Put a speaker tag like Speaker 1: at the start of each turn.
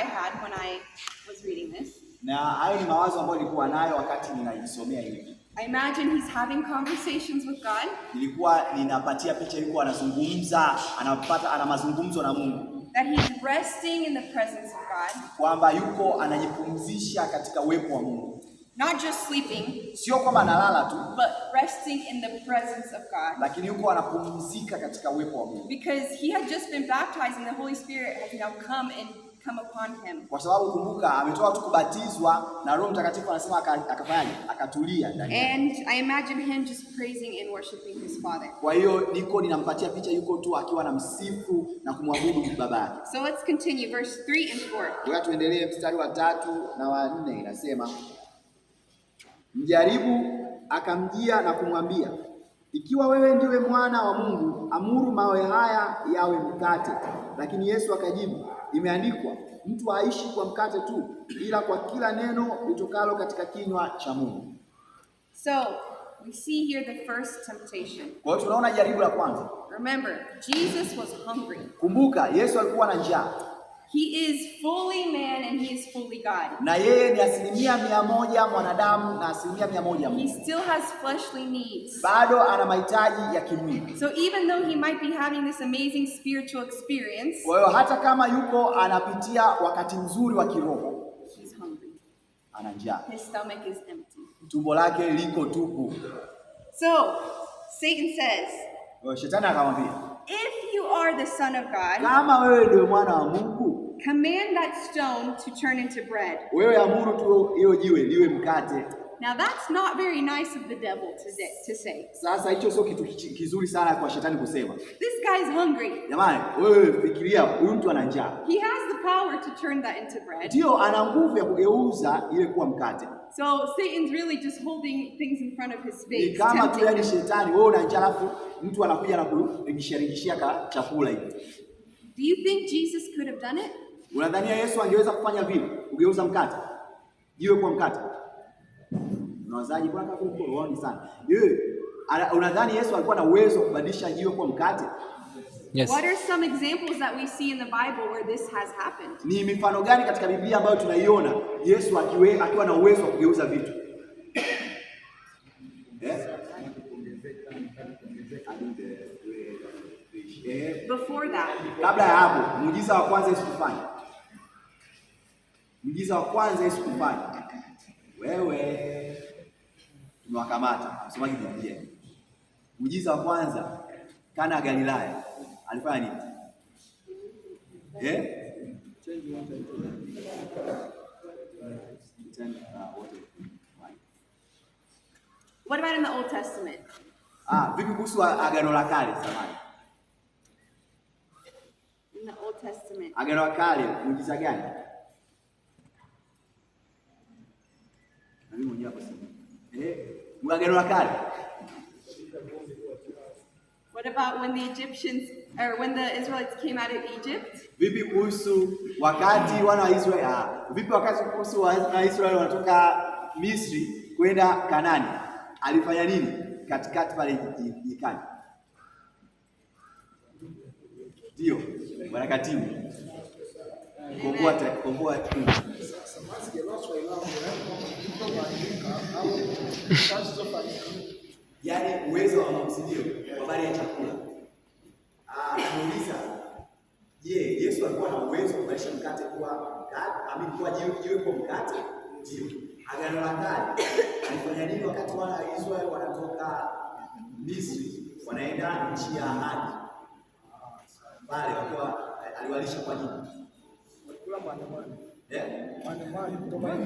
Speaker 1: I had when I was reading this.
Speaker 2: Na hayo ni mawazo ambayo nilikuwa nayo wakati ninaisomea hivi. I imagine he's having conversations with God. Nilikuwa ninapatia picha yuko anazungumza, anapata ana mazungumzo na Mungu.
Speaker 1: That he's resting in the presence of God.
Speaker 2: Kwamba yuko anajipumzisha katika uwepo wa Mungu. Not just sleeping.
Speaker 1: Sio kwamba analala tu. But resting in the presence of God. Lakini yuko anapumzika katika uwepo wa Mungu. Because he had just been baptized and the Holy Spirit has now come and come upon him.
Speaker 2: Kwa sababu kumbuka ametoa tu kubatizwa na Roho Mtakatifu anasema akafanya Akatulia ndani. And I imagine him just praising and worshiping his father.
Speaker 1: Kwa hiyo niko ninampatia picha yuko tu akiwa na msifu na kumwabudu baba yake. So let's continue verse 3 and 4.
Speaker 2: Ngoja Tuendelee mstari wa tatu na wa nne inasema Mjaribu akamjia na kumwambia ikiwa wewe ndiwe mwana wa Mungu, amuru mawe haya yawe mkate. Lakini Yesu akajibu, imeandikwa, mtu aishi kwa mkate tu, ila kwa kila neno litokalo katika kinywa cha Mungu.
Speaker 1: So we see here the first temptation. Kwa hiyo tunaona jaribu la kwanza. Remember, Jesus was hungry. Kumbuka Yesu alikuwa na njaa. He is fully man and he is fully God.
Speaker 2: Na yeye ni asilimia mia moja mwanadamu na asilimia mia moja Mungu. He still has fleshly needs.
Speaker 1: Bado ana mahitaji ya kimwili. So even though he might be having this amazing spiritual experience. Kwa
Speaker 2: hiyo hata kama yuko anapitia wakati mzuri wa kiroho. He's hungry.
Speaker 1: Ana njaa. His stomach is empty. Tumbo lake liko tupu. So Satan says. Kwa shetani akamwambia. If you are the son of God. Kama wewe ndio mwana wa Mungu. Command that stone to turn into bread. Now that's not very nice of the devil to, to say. kizuri sana kwa shetani This guy's hungry. ana He has the power to turn that into bread. nguvu ya kugeuza ile kuwa So Satan's really just holding things in front of his face. Ni yaani mtu anakuja na kuringishia Do you think Jesus could have done it?
Speaker 2: Unadhania Yesu angeweza kufanya vile, Ugeuza mkate jiwe kwa mkate? Unawazaji bwana kuoni sana.
Speaker 1: Unadhani Yesu alikuwa na uwezo kubadilisha jiwe kwa mkate? Yes. What are some examples that we see in the Bible where this has happened?
Speaker 2: Ni mifano gani katika Biblia ambayo tunaiona Yesu akiwe akiwa na uwezo wa kugeuza vitu? Eh? Before that. Kabla ya hapo, muujiza wa kwanza Yesu kufanya Mjiza wa kwanza Yesu kufanya wewe tumewakamata msomaji Biblia. Mjiza wa kwanza
Speaker 1: Kana ya Galilaya alifanya nini? Eh? What about in the Old Testament?
Speaker 2: Ah, vipi kuhusu Agano la Kale samani?
Speaker 1: In the Old Testament.
Speaker 2: Agano la Kale muujiza gani?
Speaker 1: wa Agano la Kale. when the Egyptians or when the Israelites came out of Egypt?
Speaker 2: Vipi kuhusu wakati wana wa ah, Vipi wakati kuhusu wana wanatoka Misri kwenda Kanani? Alifanya nini katikati pale jikani? Ndio, bwana kokoa Komboa uwezo wa mausilio kwa habari ya chakula. Ah, Anauliza, je, Yesu alikuwa na uwezo wa kubadilisha mkate kuwa amini kuwa jiwe kwa mkate? Ndio. Agano la Kale alifanya nini wakati wana wa Israeli wanatoka Misri wanaenda nchi ya ahadi? Pale wakiwa eh, aliwalisha kwa nini? mwana mwana. Eh? mwana kutoka